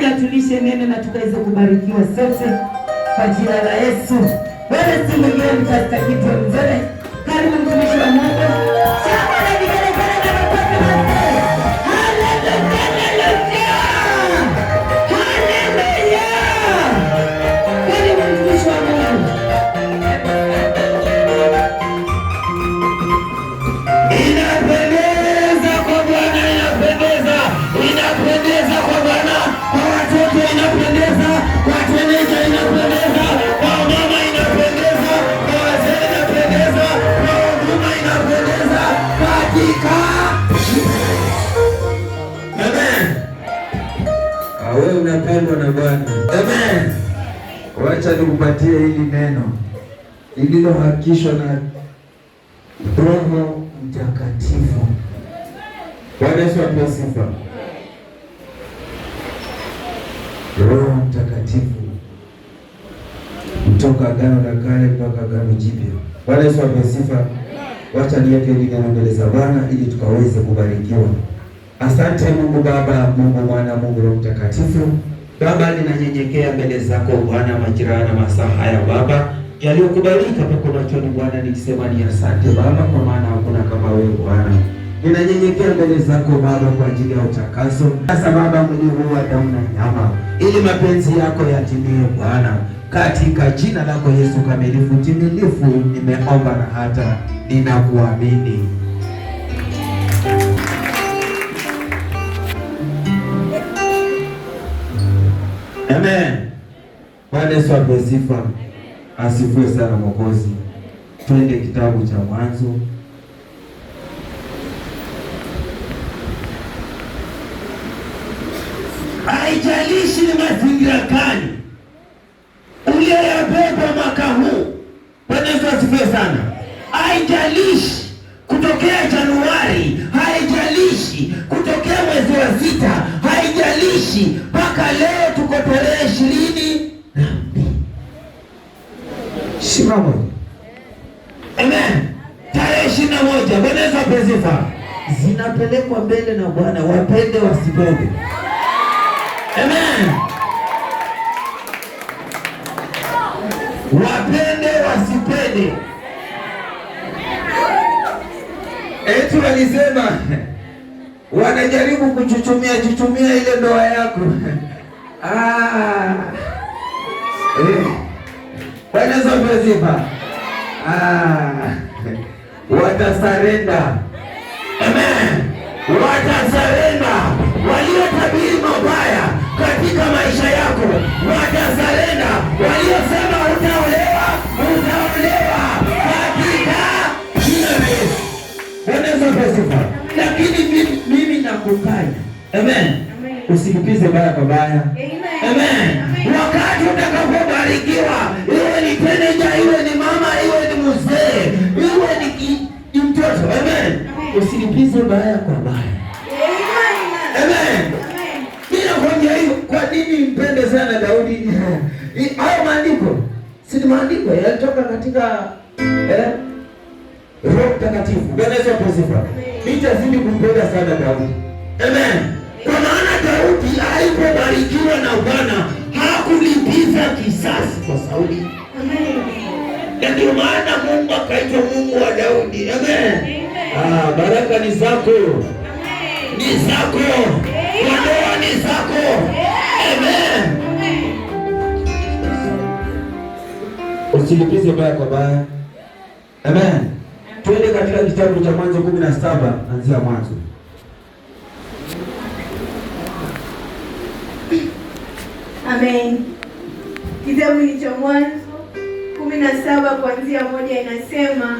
Tunakuja atulishe neno na tukaweze kubarikiwa sote kwa jina la Yesu. Wewe si mwingine mtastahili mzuri. Karibu mtumishi wa Mungu. nikupatie hili neno lililohakishwa na Roho Mtakatifu. Bwana Yesu apewe sifa. Roho Mtakatifu kutoka Agano la Kale mpaka Agano Jipya. Bwana Yesu apewe sifa. Wacha niweke hili neno mbele za Bwana ili tukaweze kubarikiwa. Asante Mungu Baba, Mungu Mwana, Mungu Roho Mtakatifu. Baba, ninanyenyekea mbele zako Bwana majira na masaa haya Baba yaliyokubalika pako machoni Bwana, nikisema ni asante Baba, kwa maana hakuna kama wewe Bwana. Ninanyenyekea mbele zako Baba kwa ajili ya utakaso sasa Baba, mwili huu wa damu na nyama, ili mapenzi yako yatimie Bwana, katika jina lako Yesu kamilifu timilifu, nimeomba na hata ninakuamini. Amen. Bwana Yesu apewe sifa. Asifiwe sana Mwokozi. Twende kitabu cha Mwanzo Haijalishi ni mazingira gani uliyoyabeba mwaka huu. Bwana Yesu asifiwe sana. Haijalishi kutokea Januari, haijalishi kutokea mwezi wa sita, haijalishi mpaka leo tuko tarehe ishirini na mbili. Simama. Amen. Tarehe ishirini na moja boneza pesifa zinapelekwa mbele na Bwana, wapende wasipende. Amen. Wapende wasipende eti eh, walisema wanajaribu kuchuchumia chuchumia ile ndoa yako ah. Eh. Wanazovezipa ah. Watasarenda, amen, watasarenda. Waliotabiri mabaya katika maisha yako watasarenda, waliosema sifa. Lakini mimi mimi nakukanya. Amen. Usikipize baya kwa baya. Amen. Wakati utakapobarikiwa, iwe ni teneja iwe ni mama, iwe ni mzee, iwe ni mtoto. Amen. Usikipize baya kwa baya. Amen. Ninakwambia hiyo kwa nini mpende sana Daudi? Hayo maandiko si maandiko yalitoka katika eh? Roho Mtakatifu. Bwana Yesu asifiwe. Nitazidi kumpenda sana Daudi. Amen. Kwa maana Daudi alipobarikiwa na Bwana hakulipiza kisasi kwa Sauli. Amen. Na ndio maana Mungu akaitwa Mungu wa Daudi. Amen. Ah, baraka ni zako. Amen. Ni zako. Ndoa ni zako. Amen. Usilipize baya kwa baya. Amen. Twende katika kitabu cha Mwanzo kumi na saba anzia mwanzo. Amen. Kitabu ni cha Mwanzo kumi na saba kuanzia moja inasema,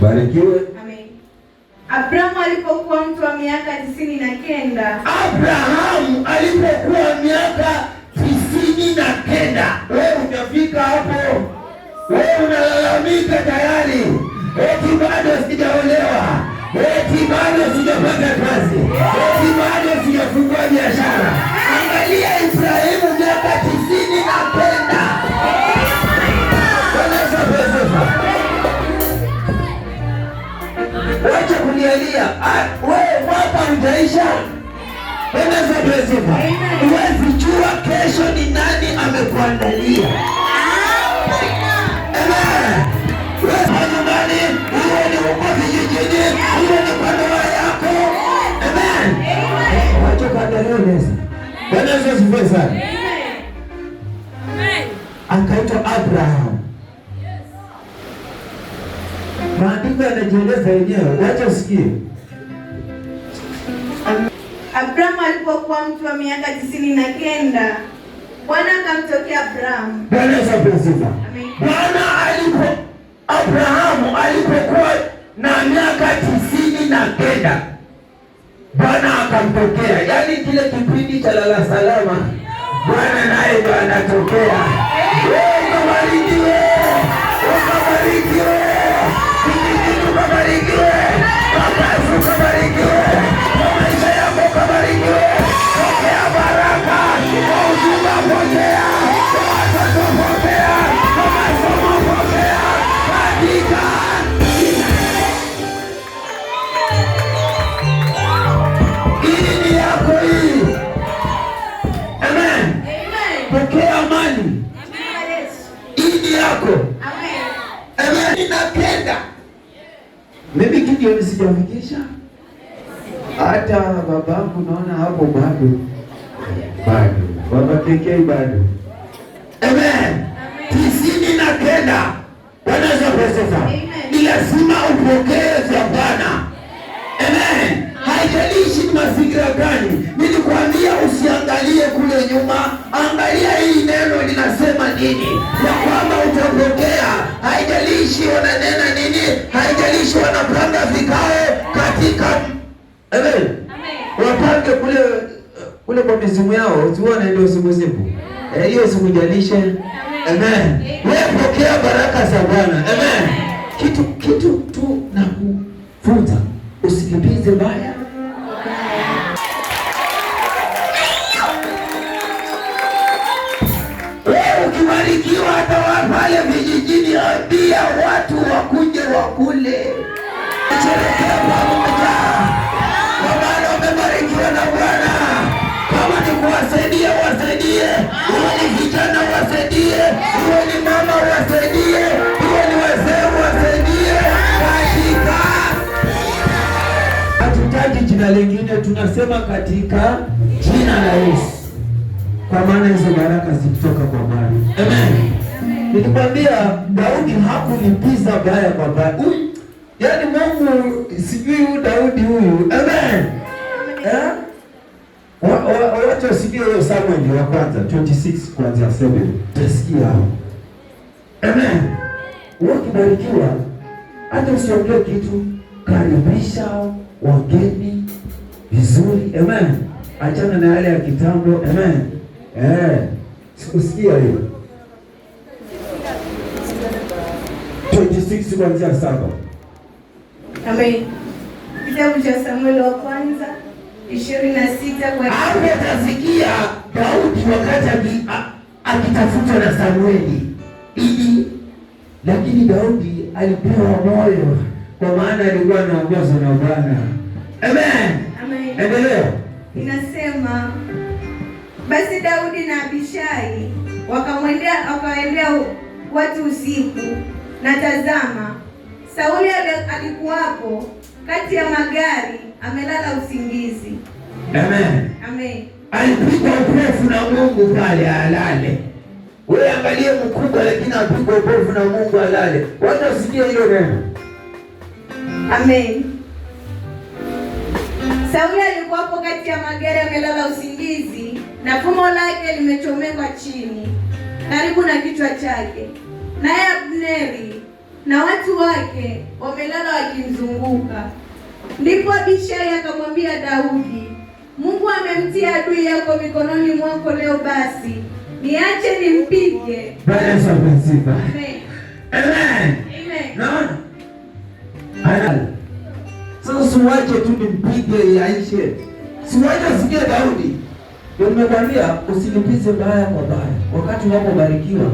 barikiwe. Amen. Abrahamu alipokuwa mtu wa miaka tisini na kenda. Abrahamu alipokuwa miaka tisini na kenda. Wewe unafika hapo, wewe unalalamika tayari eti bado sijaolewa, eti bado sijapata kazi, eti bado sijafungua biashara. Angalia Ibrahimu miaka tisini na penda wacha kunialia wewe, ah, mwaka utaisha enezapezefa, huwezi jua kesho ni nani amekuandalia. Amen huko vijijini, ile ni bendera yako. Amen. Wacha kuangalia Yesu. Bwana Yesu asifiwe sana. Akaitwa Abraham. Maandiko yanajieleza yenyewe, wacha usikie. Abrahamu alipokuwa mtu wa miaka tisini na kenda Bwana akamtokea Abrahamu. Bwana asifiwe. Bwana alipo Abrahamu alipokuwa na miaka tisini na kenda Bwana akamtokea, yaani kile kipindi cha lala salama Bwana naye ndo anatokea. Gideon sijafikisha hata babangu, naona hapo bado bado, baba pekee bado. Amen, tisini na kenda wanaweza pesa, ni lazima upokee za Bwana naishi mazingira gani? Nilikwambia usiangalie kule nyuma, angalia hii neno linasema nini, ya kwamba utapokea. Haijalishi wananena nini, haijalishi wanapanga vikao katika Amen. Wapange kule kule kwa mizimu yao, siuone ndio simuzimu eh, hiyo, sikujalishe. Amen, wewe pokea baraka za Bwana. Amen, kitu kitu tu na kufuta usikimbize baya aliambia watu wakuje wakule. Sherekea pamoja, kwa maana wamebarikiwa na Bwana. Kama ni kuwasaidia, wasaidie. Iwe ni vijana, wasaidie. Iwe ni mama, wasaidie. Iwe ni wazee, wasaidie. Katika hatutaki jina lingine, tunasema katika jina la Yesu, kwa maana hizo baraka zilitoka kwa Bwana. Amen nikwambia Daudi hakunipiza baya kwa baya. yani Mungu sijui huyu Daudi huyu. Amen. Eh? Wacha usikie hiyo Samuel ya kwanza 26 kuanzia 7. tasikia hapo. Amen. Ukibarikiwa hata usiongee kitu, karibisha wageni vizuri. Amen. Achana na yale ya kitambo. Amen. Eh. Sikusikia hiyo. 26 kuanzia saba. Amen. Kitabu cha Samueli wa kwanza 26 kwa atasikia Daudi wakati akitafutwa na Samueli, lakini Daudi alipewa moyo kwa maana alikuwa anaongozwa na Bwana. Amen. Amen. Endelea. Inasema basi Daudi na Abishai wakamwendea wakaendea watu usiku na tazama, Sauli alikuwapo kati ya magari amelala usingizi. Amen. Amen. Alipigwa upofu na Mungu pale alale. Wewe angalie mkubwa, lakini apigwa upofu na Mungu alale. Wacha usikie hilo neno. Amen. Sauli alikuwapo kati ya magari amelala usingizi na fumo lake limechomekwa chini karibu na kichwa chake naye Abneri na watu wake wamelala wakimzunguka. Ndipo Abishai akamwambia Daudi, Mungu amemtia adui yako mikononi mwako leo, basi niache nimpige. Sasa siwache tu nimpige yaishe, siwache sikia Daudi, ndio nimekwambia usilipize baya kwa baya, wakati unapobarikiwa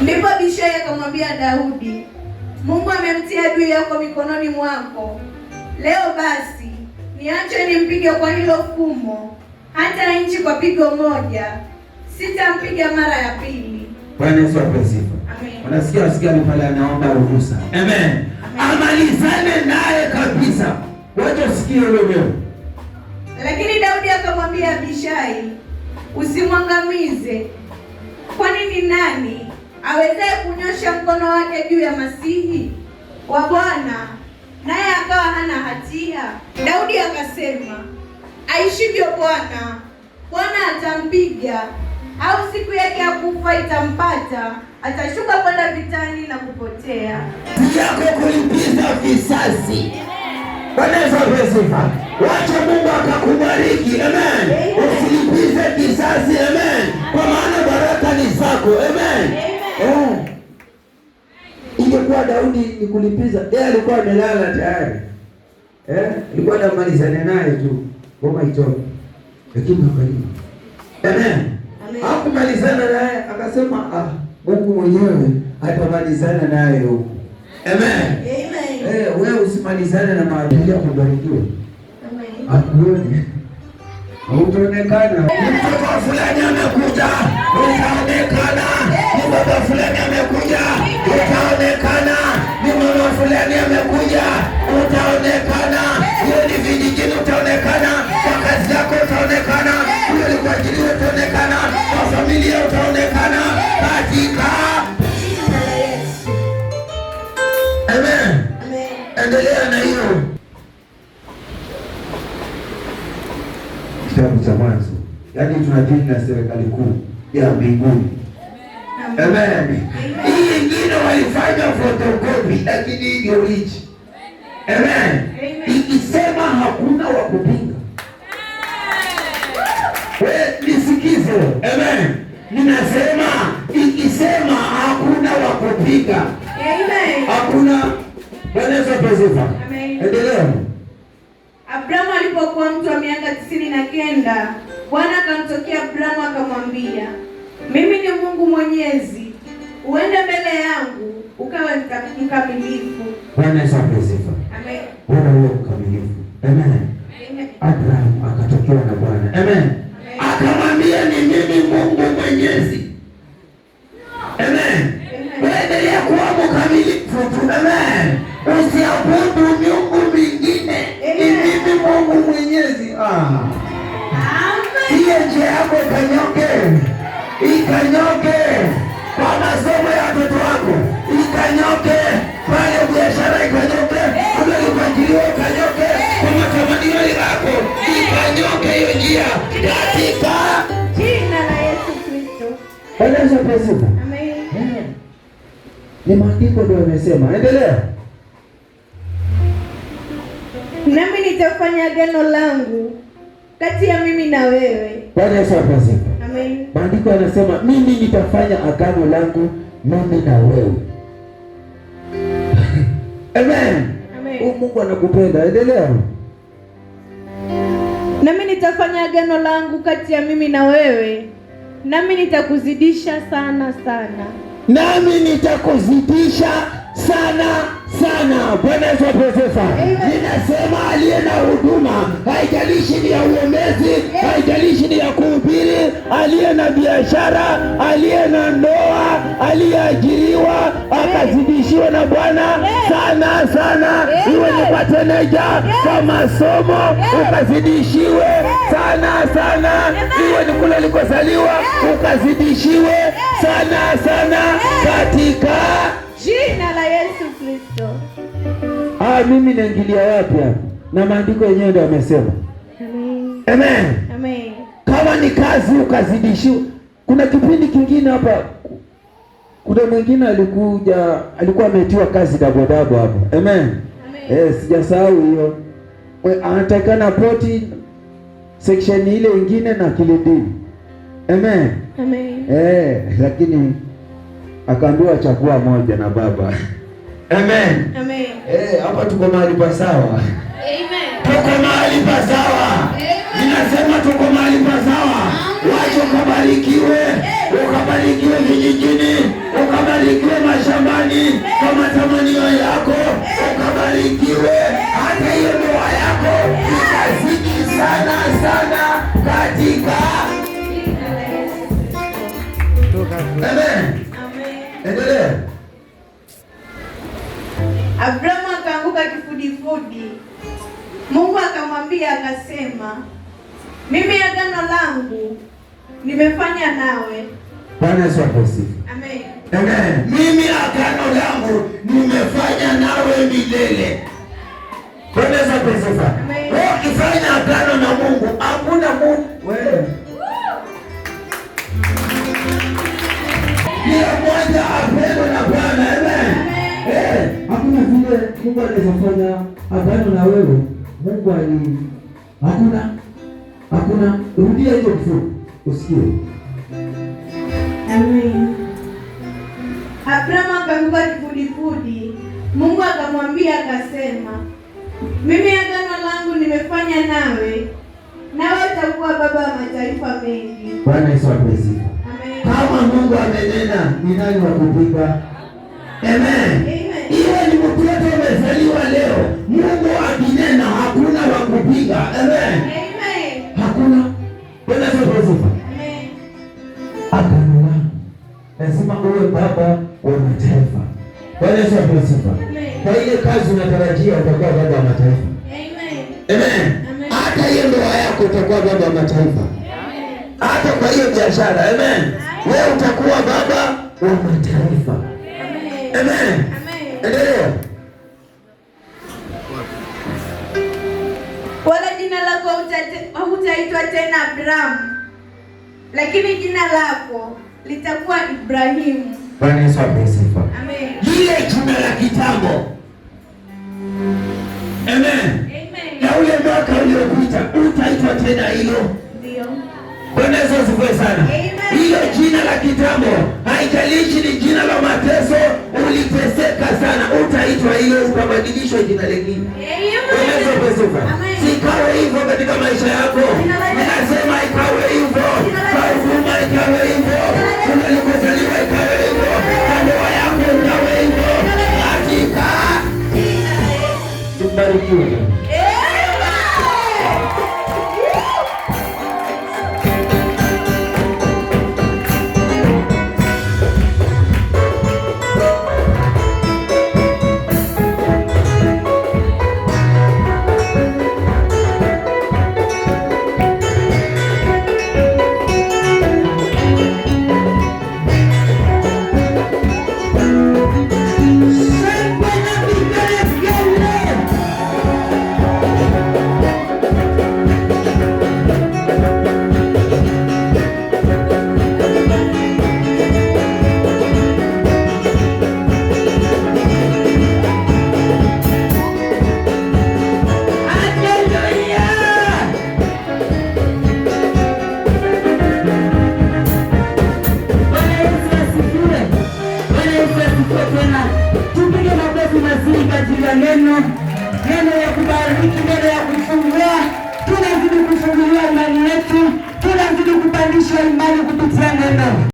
Ndipo Abishai akamwambia Daudi, Mungu amemtia juu yako mikononi mwako. Leo basi niache nimpige kwa hilo fumo, hata nchi kwa pigo moja, sitampiga mara ya pili. Bwana Yesu apesifu. Unasikia, unasikia ni pale anaomba ruhusa. Amen. Amalizane naye kabisa, wacha usikie wewe. Lakini Daudi akamwambia Abishai, usimwangamize. kwa nini nani awezaye kunyosha mkono wake juu ya masihi wa Bwana naye akawa hana hatia? Daudi akasema, aishivyo Bwana, Bwana atampiga au siku yake ya kufa itampata, atashuka kwenda vitani na kupotea. Yako kulipiza visasi Bwana Yesu apewe sifa. Wacha Mungu akakubariki. Amen. Usilipize kisasi. Amen. Kwa maana baraka ni zako. Amen. Eh. Ingekuwa Daudi ni kulipiza, yeye alikuwa amelala tayari. Eh, alikuwa anamalizana naye tu. Ngoma ichoke. Lakini hakalima. Amen. Hakumalizana naye akasema, ah, Mungu mwenyewe atamalizana naye huko. Amen. Eh, wewe usimalizane na maadili ya kubarikiwa. Akuone. Hautaonekana. Mtoto fulani amekuja, utaonekana. Baba fulani amekuja, utaonekana. Ni mama fulani amekuja, utaonekana. Hiyo ni vijijini utaonekana, kwa kazi yako utaonekana, hiyo ni kwa ajili utaonekana, kwa familia utaonekana katika kuendelea na hiyo. Kitabu cha Mwanzo, yaani tuna na serikali kuu ya mbinguni. Amen. Hii ingine walifanya fotokopi, lakini hii ndio hichi. Amen. Ikisema hakuna wa kupinga. We nisikize. Amen. Ninasema ikisema hakuna wa kupinga. Amen. Hakuna Bwana Yesu asifiwe. Endelea. Abrahamu alipokuwa mtu wa miaka tisini na kenda, Bwana akamtokea Abrahamu akamwambia, mimi ni Mungu Mwenyezi, uende mbele yangu ukawe mkamilifu. Bwana Yesu asifiwe. Amen. Bwana wewe mkamilifu. Amen. Abrahamu akatokewa na Bwana. Amen. Akamwambia, ni mimi Mungu Mwenyezi. Amen. Amen. Amen. Amen. Amen. Amen. Amen. Amen usiabudu miungu mingine, ni mimi Mungu mwenyezi. Ah. Hiyo njia yako ikanyoke, ikanyoke kwa masomo ya watoto wako, ikanyoke pale biashara, ikanyoke kule kupangiliwa, ikanyoke kwa matamanio yako, ikanyoke hiyo njia katika jina la Yesu Kristo. Ni maandiko ndio yamesema. Endelea nami nitafanya agano langu kati ya mimi na wewe. Bwana Yesu asifiwe. Amen. Maandiko yanasema mimi nitafanya agano langu mimi na wewe. Amen. Amen. Mungu anakupenda. Endelea. Nami nitafanya agano langu kati ya mimi na wewe, nami nitakuzidisha sana sana, nami nitakuzidisha sana sana. Bwana Yesu apewe sifa. Ninasema aliye na huduma, haijalishi ni ya uombezi, haijalishi ni ya kuhubiri, aliye na biashara, aliye na ndoa, aliyeajiriwa akazidishiwe na Bwana sana sana. Iwe ni teneja, kwa masomo, ukazidishiwe sana sana. Iwe ni kule ulikozaliwa, ukazidishiwe sana sana katika Jina la Yesu Kristo. Ah, mimi naingilia wapi hapa? Na maandiko yenyewe ndio yamesema. Amen. Amen. Amen. Kama ni kazi ukazidishiwa. Kuna kipindi kingine hapa kuna mwingine alikuja alikuwa ametiwa kazi dabodabo hapo. Amen. Amen. Eh, sijasahau hiyo. Anatakana poti section ile ingine na kilidi. Amen. Amen. Eh, lakini akaambiwa chagua moja na baba. Amen. Amen. Eh, hapa tuko mahali pa sawa. Amen. Tuko mahali pa sawa. Ninasema tuko mahali pa sawa. Wacha ukabarikiwe, ukabarikiwe vijijini, ukabarikiwe mashambani kwa matamanio yako, ukabarikiwe hata hiyo ndoa yako ikazidi sana sana katika Amen. Hudi. Mungu akamwambia akasema, mimi agano langu nimefanya nawe. Bwana Yesu asifiwe. Amen. Amen. Mimi agano langu nimefanya nawe milele. Bwana Yesu asifiwe. Amen. Wewe ukifanya agano na Mungu, hakuna Mungu wewe. Kila mmoja apendwe na Bwana. Amen. Hakuna vile Mungu alivyofanya agano na wewe. Mungu ali hakuna hakuna. Rudia hiyo mfu usikie. Amen. Abrahamu akaanguka kifudifudi. Mungu akamwambia akasema, mimi agano langu nimefanya nawe, nawe utakuwa baba wa mataifa mengi. Bwana Yesu asifiwe. Amen. Kama Mungu amenena, ni nani wa kupinga? Amen iwe ni mtoto amezaliwa leo, Mungu akinena hakuna wa kupinga. Amen, hakuna akanua. Lazima uwe baba wa mataifa. Kwa ile kazi unatarajia utakuwa baba wa mataifa. Amen, hata hiyo ndoa yako utakuwa baba wa mataifa, hata kwa hiyo biashara. Amen, wewe utakuwa baba wa mataifa. Amen. Endelea. Wala jina lako hutaitwa tena Abrahamu, lakini jina lako litakuwa Ibrahimu. Bwana Yesu apewe sifa. Amen. Lile jina la kitambo. Amen. Amen. Na ule mwaka uliopita utaitwa tena hilo. Ndio. Bwana Yesu asifiwe sana. Amen hiyo jina la kitambo, haijalishi ni jina la mateso, uliteseka sana, utaitwa hiyo, ukabadilishwa jina lingine. Umezopezuka, sikawe hivyo katika maisha yako. Ninasema ikawe hivyo, kwa ikawe hivyo, unalikuzaliwa ikawe hivyo, kwa yako ikawe hivyo, hakika tubarikiwe.